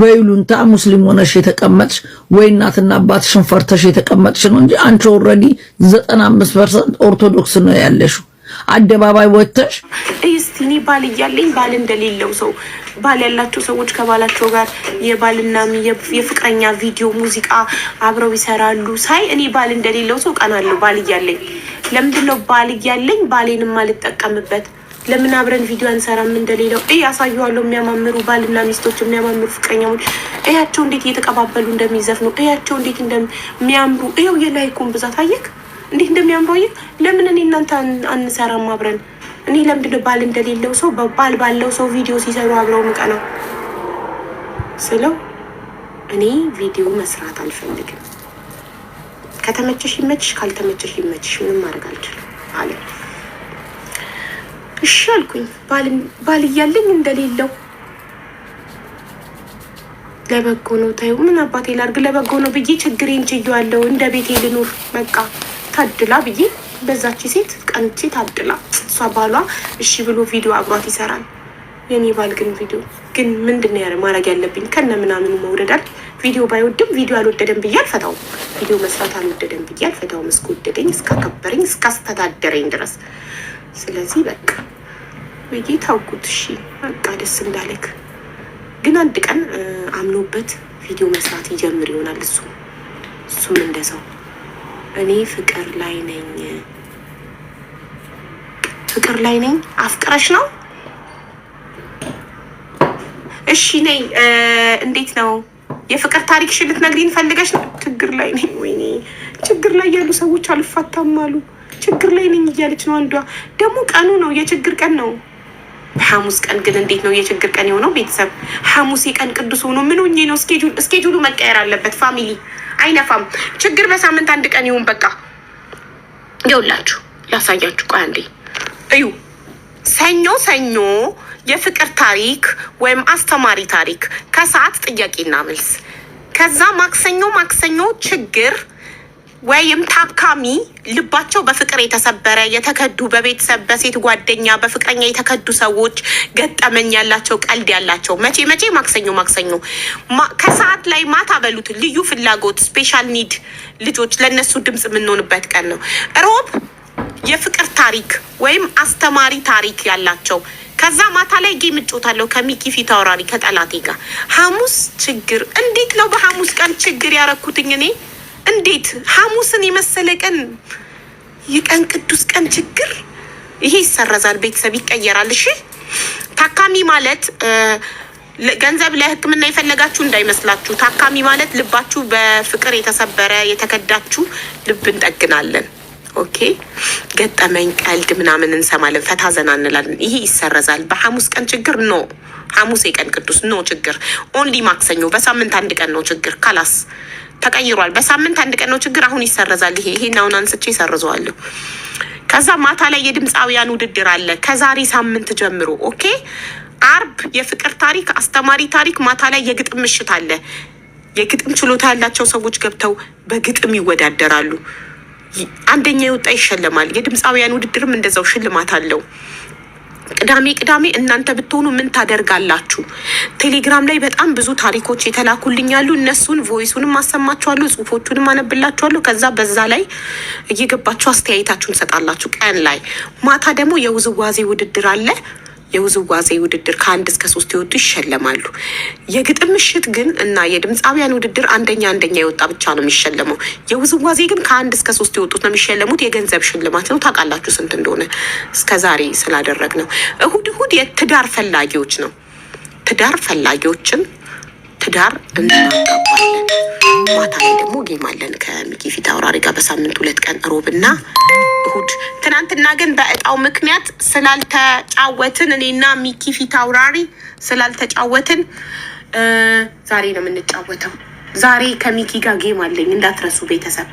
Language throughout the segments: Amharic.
በይሉንታ ሙስሊም ሆነሽ የተቀመጥሽ ወይ እናትና አባትሽን ፈርተሽ የተቀመጥሽ ነው እንጂ አንቺ ኦልሬዲ 95% ኦርቶዶክስ ነው ያለሽ። አደባባይ ወጥተሽ እስቲ እኔ ባል እያለኝ ባል እንደሌለው ሰው ባል ያላቸው ሰዎች ከባላቸው ጋር የባልና የፍቅረኛ ቪዲዮ፣ ሙዚቃ አብረው ይሰራሉ ሳይ እኔ ባል እንደሌለው ሰው ቀናለሁ። ባል እያለኝ ለምንድን ነው ባል እያለኝ ባሌንም አልጠቀምበት ለምን አብረን ቪዲዮ አንሰራም? እንደሌለው እ ያሳየዋለሁ የሚያማምሩ ባልና ሚስቶች የሚያማምሩ ፍቅረኛሞች እያቸው እንዴት እየተቀባበሉ እንደሚዘፍኑ እያቸው እንዴት እንደሚያምሩ እየው የላይኩን ብዛት አየክ እንዴት እንደሚያምሩ አየክ። ለምን እኔ እናንተ አንሰራም አብረን? እኔ ለምንድነው ባል እንደሌለው ሰው ባል ባለው ሰው ቪዲዮ ሲሰሩ አብረው ምቀ ነው ስለው እኔ ቪዲዮ መስራት አልፈልግም። ከተመቸሽ ይመችሽ፣ ካልተመቸሽ ይመችሽ። ምንም ማድረግ አልችልም አለ። እሺ አልኩኝ። ባል እያለኝ እንደሌለው ለበጎ ነው ታዩ። ምን አባቴ ላርግ? ለበጎ ነው ብዬ ችግሬን ችያለሁ። እንደ ቤቴ ልኑር በቃ ታድላ ብዬ በዛች ሴት ቀንቼ ታድላ። እሷ ባሏ እሺ ብሎ ቪዲዮ አብሯት ይሰራል። የኔ ባል ግን ቪዲዮ ግን ምንድን ነው ማድረግ ያለብኝ? ከነ ምናምኑ መውደዳል። ቪዲዮ ባይወድም ቪዲዮ አልወደደም ብዬ አልፈታውም። ቪዲዮ መስራት አልወደደም ብዬ አልፈታውም። እስከወደደኝ፣ እስካከበረኝ፣ እስካስተዳደረኝ ድረስ ስለዚህ በቃ ብዬ ታውቁት። እሺ በቃ ደስ እንዳለክ። ግን አንድ ቀን አምኖበት ቪዲዮ መስራት ይጀምር ይሆናል እሱ እሱም እንደዛው እኔ ፍቅር ላይ ነኝ ፍቅር ላይ ነኝ። አፍቅረሽ ነው? እሺ ነይ። እንዴት ነው የፍቅር ታሪክሽን ልትነግሪኝ ፈልገሽ ነው? ችግር ላይ ነኝ። ወይኔ ችግር ላይ ያሉ ሰዎች አልፋታም አሉ። ችግር ላይ ነኝ እያለች ነው አንዷ። ደግሞ ቀኑ ነው የችግር ቀን ነው። ሐሙስ ቀን ግን እንዴት ነው የችግር ቀን የሆነው? ቤተሰብ ሐሙሴ ቀን ቅዱስ ሆኖ ምን ሆኜ ነው? እስኬጁሉ መቀየር አለበት። ፋሚሊ አይነፋም። ችግር በሳምንት አንድ ቀን ይሁን በቃ። ይኸውላችሁ ላሳያችሁ። ቆይ አንዴ እዩ። ሰኞ ሰኞ የፍቅር ታሪክ ወይም አስተማሪ ታሪክ ከሰዓት ጥያቄና መልስ፣ ከዛ ማክሰኞ ማክሰኞ ችግር ወይም ታካሚ ልባቸው በፍቅር የተሰበረ የተከዱ በቤተሰብ በሴት ጓደኛ በፍቅረኛ የተከዱ ሰዎች ገጠመኝ ያላቸው ቀልድ ያላቸው መቼ መቼ ማክሰኞ ማክሰኞ ከሰዓት ላይ ማታ በሉት ልዩ ፍላጎት ስፔሻል ኒድ ልጆች ለእነሱ ድምፅ የምንሆንበት ቀን ነው። ሮብ የፍቅር ታሪክ ወይም አስተማሪ ታሪክ ያላቸው ከዛ ማታ ላይ ጌም እጮታለሁ ከሚኪ ፊት አውራሪ ከጠላቴ ጋር ሐሙስ ችግር እንዴት ነው በሐሙስ ቀን ችግር ያረኩትኝ እኔ እንዴት ሐሙስን የመሰለ ቀን የቀን ቅዱስ ቀን ችግር ይሄ ይሰረዛል። ቤተሰብ ይቀየራል። እሺ ታካሚ ማለት ገንዘብ ለሕክምና የፈለጋችሁ እንዳይመስላችሁ። ታካሚ ማለት ልባችሁ በፍቅር የተሰበረ የተከዳችሁ ልብ እንጠግናለን። ኦኬ ገጠመኝ፣ ቀልድ ምናምን እንሰማለን፣ ፈታ ዘና እንላለን። ይሄ ይሰረዛል። በሐሙስ ቀን ችግር ኖ፣ ሐሙስ የቀን ቅዱስ ኖ ችግር። ኦንሊ ማክሰኞ በሳምንት አንድ ቀን ነው ችግር ካላስ ተቀይሯል። በሳምንት አንድ ቀን ነው ችግር። አሁን ይሰረዛል። ይሄ ይሄን አሁን አንስቼ ይሰርዘዋለሁ። ከዛ ማታ ላይ የድምፃውያን ውድድር አለ ከዛሬ ሳምንት ጀምሮ። ኦኬ አርብ የፍቅር ታሪክ፣ አስተማሪ ታሪክ፣ ማታ ላይ የግጥም ምሽት አለ። የግጥም ችሎታ ያላቸው ሰዎች ገብተው በግጥም ይወዳደራሉ። አንደኛ የወጣ ይሸለማል። የድምፃውያን ውድድርም እንደዛው ሽልማት አለው። ቅዳሜ ቅዳሜ እናንተ ብትሆኑ ምን ታደርጋላችሁ? ቴሌግራም ላይ በጣም ብዙ ታሪኮች የተላኩልኝ ያሉ እነሱን ቮይሱንም አሰማችኋለሁ፣ ጽሁፎቹንም አነብላችኋለሁ። ከዛ በዛ ላይ እየገባችሁ አስተያየታችሁን ሰጣላችሁ። ቀን ላይ ማታ ደግሞ የውዝዋዜ ውድድር አለ። የውዝዋዜ ውድድር ከአንድ እስከ ሶስት የወጡ ይሸለማሉ። የግጥም ምሽት ግን እና የድምፃውያን ውድድር አንደኛ አንደኛ የወጣ ብቻ ነው የሚሸለመው። የውዝዋዜ ግን ከአንድ እስከ ሶስት የወጡት ነው የሚሸለሙት። የገንዘብ ሽልማት ነው። ታውቃላችሁ ስንት እንደሆነ እስከዛሬ ስላደረግ ነው። እሁድ እሁድ የትዳር ፈላጊዎች ነው። ትዳር ፈላጊዎችን ትዳር እናጋባለን። ማታ ላይ ደግሞ ጌም አለን ከሚኪ ፊት አውራሪ ጋር በሳምንት ሁለት ቀን እና እሁድ። ትናንትና ግን በእጣው ምክንያት ስላልተጫወትን እኔና ሚኪ ፊት አውራሪ ስላልተጫወትን ዛሬ ነው የምንጫወተው። ዛሬ ከሚኪ ጋር ጌም አለኝ እንዳትረሱ ቤተሰብ።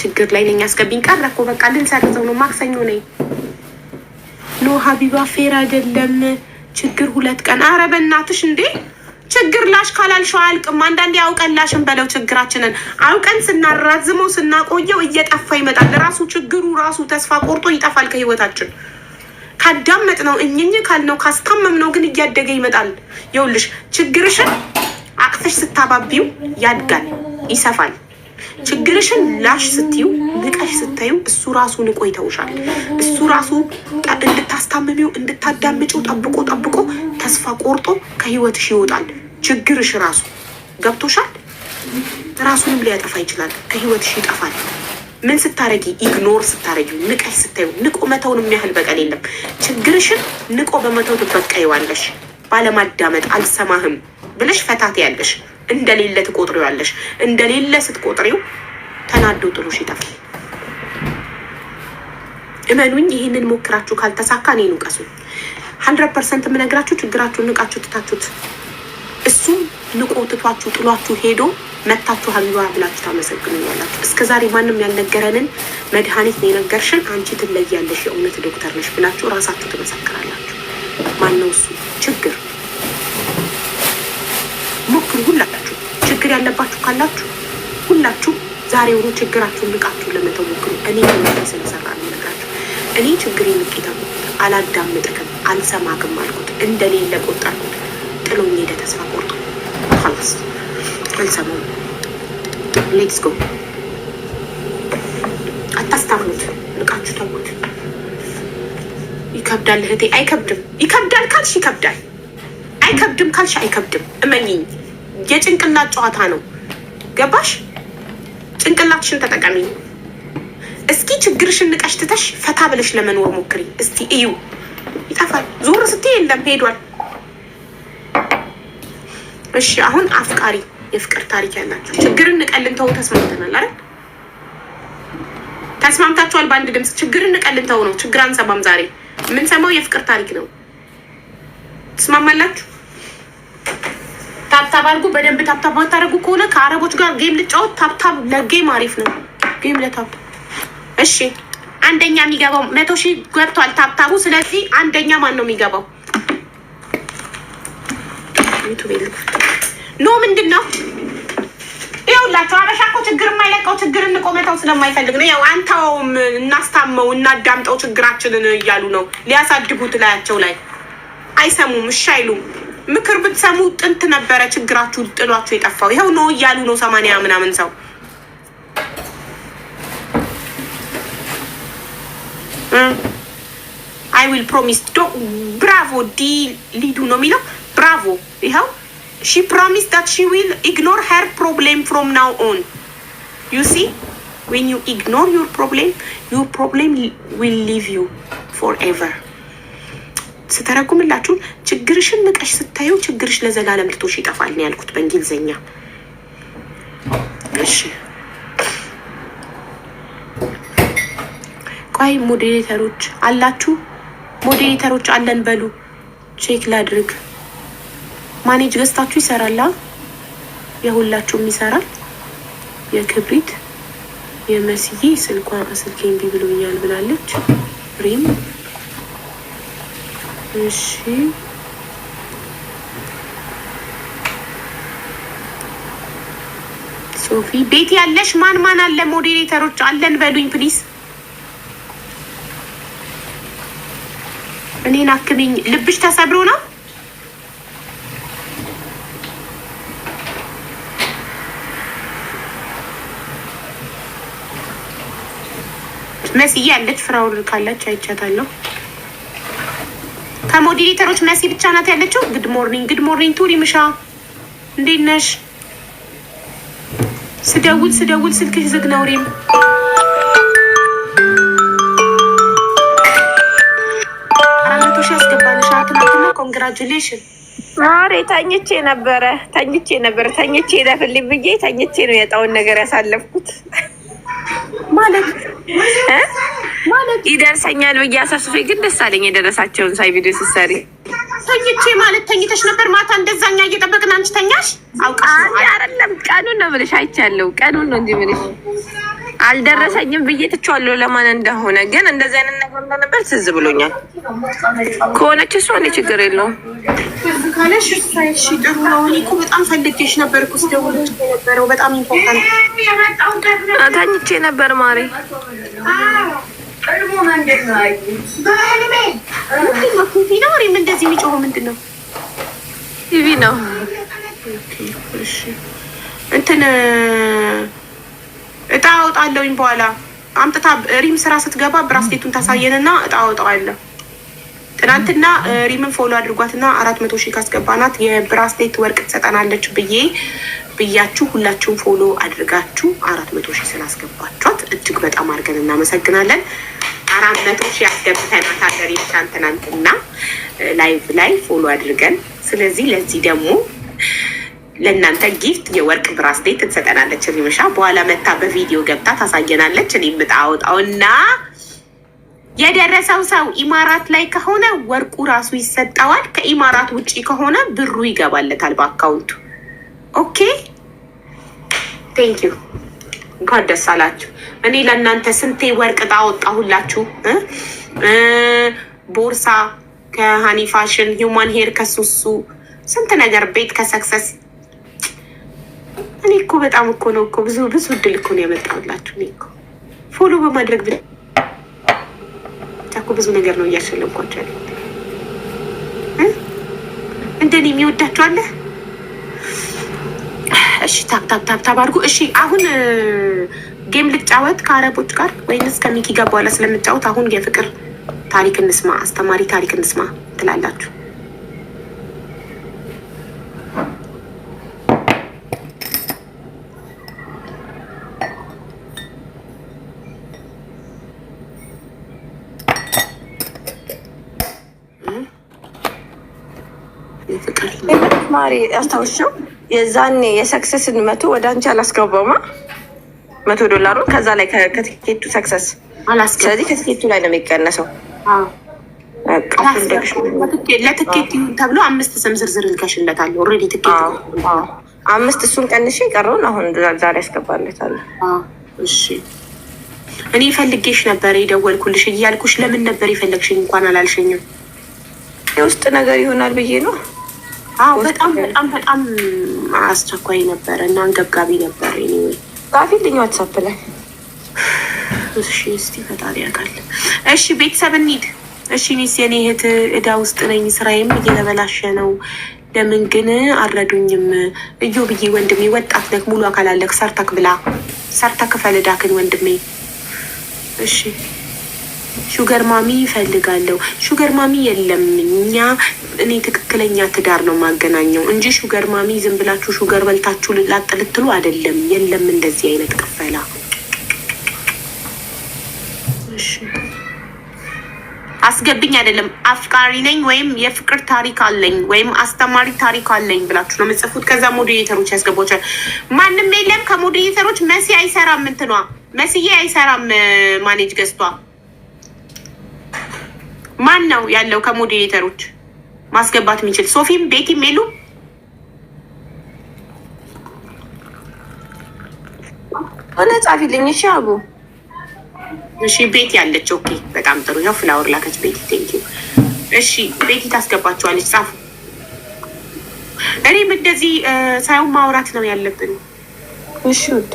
ችግር ላይ ነኝ። አስገቢኝ። ቀረ እኮ በቃ ልንሰርዘው ነው። ማክሰኞ ነኝ። ኖ ሀቢባ ፌር አይደለም። ችግር ሁለት ቀን አረ በእናትሽ እንዴ ችግር ላሽ ካላልሸው አያልቅም። አንዳንዴ አውቀን ላሽን በለው ችግራችንን አውቀን ስናራዝመው ስናቆየው እየጠፋ ይመጣል። ራሱ ችግሩ ራሱ ተስፋ ቆርጦ ይጠፋል ከህይወታችን። ካዳመጥ ነው እኝኝ ካልነው ካስታመም ነው ግን እያደገ ይመጣል። ይኸውልሽ ችግርሽን አቅፍሽ ስታባቢው ያድጋል፣ ይሰፋል። ችግርሽን ላሽ ስትዩ ንቀሽ ስታዩ እሱ ራሱ ንቆ ይተውሻል። እሱ ራሱ እንድታስታምሚው እንድታዳምጪው ጠብቆ ጠብቆ ተስፋ ቆርጦ ከህይወትሽ ይወጣል። ችግርሽ ራሱ ገብቶሻል። ራሱንም ሊያጠፋ ይችላል። ከህይወትሽ ይጠፋል። ምን ስታረጊ ኢግኖር ስታረጊ ንቀሽ ስታዩ ንቆ መተውን የሚያህል በቀል የለም። ችግርሽን ንቆ በመተው ትበቀይዋለሽ። ባለማዳመጥ አልሰማህም ብለሽ ፈታት ያለሽ እንደሌለ ትቆጥሪዋለሽ። እንደሌለ ስትቆጥሪው ተናዶ ጥሎሽ ይጠፋል። እመኑኝ፣ ይህንን ሞክራችሁ ካልተሳካ እኔን ውቀሱኝ። ሀንድረድ ፐርሰንት የምነግራችሁ ችግራችሁን ንቃችሁ ትታችሁት እሱ ንቆ ትቷችሁ ጥሏችሁ ሄዶ መታችሁ ሀቢባ ብላችሁ ታመሰግኑኛላችሁ። እስከ ዛሬ ማንም ያልነገረንን መድኃኒት ነው የነገርሽን አንቺ ትለያለሽ፣ የእውነት ዶክተር ነሽ ብላችሁ ራሳችሁ ትመሰክራላችሁ። ማነው እሱ ችግር ችግር ያለባችሁ ካላችሁ ሁላችሁ ዛሬውኑ ችግራችሁን ልቃችሁ ለመተሞክሩ እኔ ስለሰራ ነግራችሁ እኔ ችግር ንቄታም አላዳምጥክም አልሰማክም አልኩት። እንደሌለ ቆጠርኩት። ጥሎኝ ሄደ። ተስፋ ቆርጦ ላስ አልሰማም። ሌትስ ጎ አታስታምኑት። ልቃችሁ ተውት። ይከብዳል እህቴ፣ አይከብድም። ይከብዳል ካልሽ ይከብዳል፣ አይከብድም ካልሽ አይከብድም። እመኝኝ የጭንቅላት ጨዋታ ነው። ገባሽ? ጭንቅላትሽን ተጠቀሚ። እስኪ ችግርሽን ንቀሽ ትተሽ ፈታ ብለሽ ለመኖር ሞክሪ እስቲ። እዩ ይጠፋል። ዞር ስትይ የለም ሄዷል። እሺ አሁን አፍቃሪ የፍቅር ታሪክ ያላቸው ችግርን ንቀልን ተው ተስማምተናል አይደል? ተስማምታችኋል። በአንድ ድምፅ ችግርን ንቀልን ተው ነው። ችግር አንሰማም ዛሬ። የምንሰማው የፍቅር ታሪክ ነው። ትስማማላችሁ? ታብታብ አድርጉ። በደንብ ታብታብ ማታደርጉ ከሆነ ከአረቦች ጋር ጌም ልጫወት። ታብታብ ለጌም አሪፍ ነው። ጌም ለታብ እሺ። አንደኛ የሚገባው መቶ ሺህ ገብቷል ታብታቡ። ስለዚህ አንደኛ ማን ነው የሚገባው? ኖ ምንድን ነው ይኸውላቸው፣ አበሻ እኮ ችግር የማይለቀው ችግር እንቆመተው ስለማይፈልግ ነው። ያው አንተውም እናስታመው እናዳምጠው ችግራችንን እያሉ ነው ሊያሳድጉት ላያቸው ላይ አይሰሙም፣ እሺ አይሉም። ምክር ብትሰሙ ጥንት ነበረ ችግራችሁ ጥሏችሁ የጠፋው። ይኸው ነው እያሉ ነው ሰማንያ ምናምን ሰው አይ ዊል ፕሮሚስ ብራቮ ዲ ሊዱ ነው የሚለው ብራቮ። ይኸው ሺ ፕሮሚስ ዳት ሺ ዊል ኢግኖር ሄር ፕሮብሌም ፍሮም ናው ኦን ዩ ሲ ዌን ዩ ኢግኖር ዩር ፕሮብሌም ዩር ፕሮብሌም ዊል ሊቭ ዩ ፎር ኤቨር ስተረጉምላችሁ ችግርሽን ንቀሽ ስታየው ችግርሽ ለዘላለም ትቶሽ ይጠፋል ነው ያልኩት በእንግሊዝኛ። እሺ ቆይ ሞዴሬተሮች አላችሁ? ሞዴሬተሮች አለን በሉ። ቼክ ላድርግ። ማኔጅ ገዝታችሁ ይሰራላ? የሁላችሁም ይሰራል። የክብሪት የመስዬ ስልኳ ስልኬ እምቢ ብሎኛል ብላለች ሪም እሺ ሶፊ ቤት ያለሽ ማን ማን አለ? ሞዴሬተሮች አለን በሉኝ ፕሊዝ። እኔን አክሚኝ። ልብሽ ተሰብሮ ነው? መስዬ ያለች ፍራውን ካላች አይቻታለሁ። ከሞዲሬተሮች መሲ ብቻ ናት ያለችው። ግድ ሞርኒንግ ግድ ሞርኒንግ ቱሪ ምሻ እንዴት ነሽ? ስደውል ስደውል ስልክሽ ዝግ ነው። ሪም አራት ኮንግራጁሌሽን። ኧረ ተኝቼ ነበረ ተኝቼ ነበረ ተኝቼ ለፍልኝ ብዬ ተኝቼ ነው የጣውን ነገር ያሳለፍኩት ማለት ይደርሰኛል ብዬ አሳስፌ ግን ደስ አለኝ የደረሳቸውን ሳይ ቪዲዮ ስትሰሪ ተኝቼ ማለት ተኝተሽ ነበር ማታ እንደዛኛ እየጠበቅን አንቺ ተኛሽ አውቃሽ አይደለም ቀኑን ነው ብለሽ አይቻለሁ ቀኑን ነው እንጂ ብለሽ አልደረሰኝም ብዬ ትቼዋለሁ ለማን እንደሆነ ግን እንደዚህ አይነት ነገር እንደነበር ትዝ ብሎኛል ከሆነች እሷ እኔ ችግር የለውም ካለሽ እሺ፣ ጥሩ ነው። እኔ እኮ በጣም ፈልጌሽ ነበር እኮ ስደውልሽ የነበረው በጣም ኢምፖርታንት ተኝቼ ነበር ማሬ። ምንድነው እንደዚህ የሚጮኸው? ምንድን ነው? ቲቪ ነው እንትን እጣ አወጣለሁኝ። በኋላ አምጥታ ሪም ስራ ስትገባ ብራስሌቱን ታሳየንና እጣ አወጣዋለሁ ትናንትና ሪምን ፎሎ አድርጓትና አራት መቶ ሺህ ካስገባናት የብራስሌት ወርቅ ትሰጠናለች ብዬ ብያችሁ ሁላችሁም ፎሎ አድርጋችሁ አራት መቶ ሺህ ስላስገባችኋት እጅግ በጣም አድርገን እናመሰግናለን። አራት መቶ ሺህ አስገብተናታል ሪምቻን ትናንትና ላይቭ ላይ ፎሎ አድርገን። ስለዚህ ለዚህ ደግሞ ለእናንተ ጊፍት የወርቅ ብራስሌት ትሰጠናለች ሪምሻ። በኋላ መታ በቪዲዮ ገብታ ታሳየናለች። እኔ ምጣ አወጣውና የደረሰው ሰው ኢማራት ላይ ከሆነ ወርቁ ራሱ ይሰጠዋል። ከኢማራት ውጪ ከሆነ ብሩ ይገባለታል በአካውንቱ። ኦኬ ቴንክ ዩ። እንኳን ደስ አላችሁ። እኔ ለእናንተ ስንቴ ወርቅ ዕጣ ወጣሁላችሁ። ቦርሳ ከሃኒ ፋሽን፣ ሂውማን ሄር ከሱሱ ስንት ነገር፣ ቤት ከሰክሰስ እኔ እኮ በጣም እኮ ነው እኮ ብዙ ብዙ እድል እኮ ነው ያመጣሁላችሁ። እኔ እኮ ፎሎ በማድረግ እኮ ብዙ ነገር ነው እያሸለምኳቸው ያለ። እንደኔ የሚወዳቸው አለ። እሺ፣ ታፕ አድርጉ። እሺ፣ አሁን ጌም ልጫወት ከአረቦች ጋር ወይንስ ከሚኪ ጋር በኋላ ስለምጫወት አሁን የፍቅር ታሪክ እንስማ፣ አስተማሪ ታሪክ እንስማ ትላላችሁ? ዛሬ ያስታውሻው የዛኔ የሰክሰስን መቶ ወደ አንቺ አላስገባማ መቶ ዶላሩን ከዛ ላይ ከትኬቱ ሰክሰስ ስለዚህ ከትኬቱ ላይ ነው የሚቀነሰው። ለትኬት ይሁን ተብሎ አምስት ስም ዝርዝር ልከሽለታለሁ። ኦልሬዲ ትኬት አምስት እሱን ቀንሽ ቀረውን አሁን ዛሬ ያስገባለታለሁ። እሺ እኔ ፈልጌሽ ነበር የደወልኩልሽ እያልኩሽ ለምን ነበር የፈለግሽኝ እንኳን አላልሽኝም። የውስጥ ነገር ይሆናል ብዬ ነው አዎ በጣም በጣም በጣም አስቸኳይ ነበረ እና አንገብጋቢ ነበረ። ኒወይ ጻፊልኝ ዋትሳፕ ላይ እሺ። እስቲ ፈጣሪ ያውቃል። እሺ ቤተሰብ እንሂድ። እሺ ሚስ፣ የኔ እህት እዳ ውስጥ ነኝ፣ ስራዬም እየተበላሸ ነው። ለምን ግን አልረዱኝም? እዮ ብዬ ወንድሜ፣ ወጣት ነክ ሙሉ አካል አለክ፣ ሰርተክ ብላ፣ ሰርተክ ክፈል እዳክን ወንድሜ። እሺ ሹገር ማሚ ይፈልጋለሁ። ሹገር ማሚ የለም። እኛ እኔ ትክክለኛ ትዳር ነው ማገናኘው እንጂ ሹገር ማሚ ዝም ብላችሁ ሹገር በልታችሁ ላጥ ልትሉ አይደለም። የለም እንደዚህ አይነት ቅፈላ። አስገብኝ አይደለም አፍቃሪ ነኝ ወይም የፍቅር ታሪክ አለኝ ወይም አስተማሪ ታሪክ አለኝ ብላችሁ ነው የምጽፉት። ከዛ ሞዴሬተሮች ያስገቧቸዋል። ማንም የለም ከሞዴሬተሮች መሲ አይሰራም፣ እንትኗ መስዬ አይሰራም። ማኔጅ ገዝቷ ማን ነው ያለው? ከሞዴሬተሮች ማስገባት የሚችል ሶፊም ቤቲም የሉ ሆነ ጻፊልኝ። እሺ አቡ እሺ፣ ቤቲ ያለች። ኦኬ፣ በጣም ጥሩ። ነው ፍላወር ላከች ቤቲ። ቴንክ ዩ። እሺ፣ ቤቲ ቴንኪ እሺ ጻፉ። እኔም እንደዚህ ሳይሆን ማውራት ነው ያለብን። እሺ ውዴ፣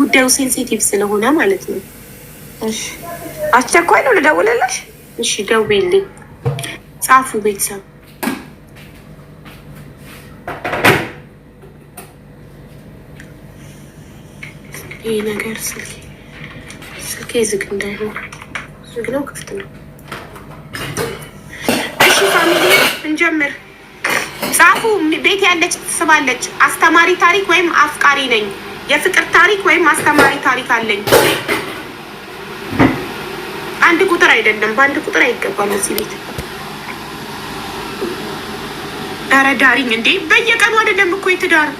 ጉዳዩ ሴንሲቲቭ ስለሆነ ማለት ነው። እሺ፣ አስቸኳይ ነው። ልደውልልሽ እሺ ደውዬልኝ ጻፉ ቤተሰብ ይህ ነገር ስልኬ ስልኬ ዝግ እንዳይሆን ዝግ ነው ክፍት ነው። እሺ ፋሚሊ እንጀምር። ጻፉ ቤት ያለች ትስባለች። አስተማሪ ታሪክ ወይም አፍቃሪ ነኝ። የፍቅር ታሪክ ወይም አስተማሪ ታሪክ አለኝ። አንድ ቁጥር አይደለም፣ በአንድ ቁጥር አይገባም እዚህ ቤት። ኧረ ዳሪኝ እንዴ! በየቀኑ አይደለም እኮ የትዳሩ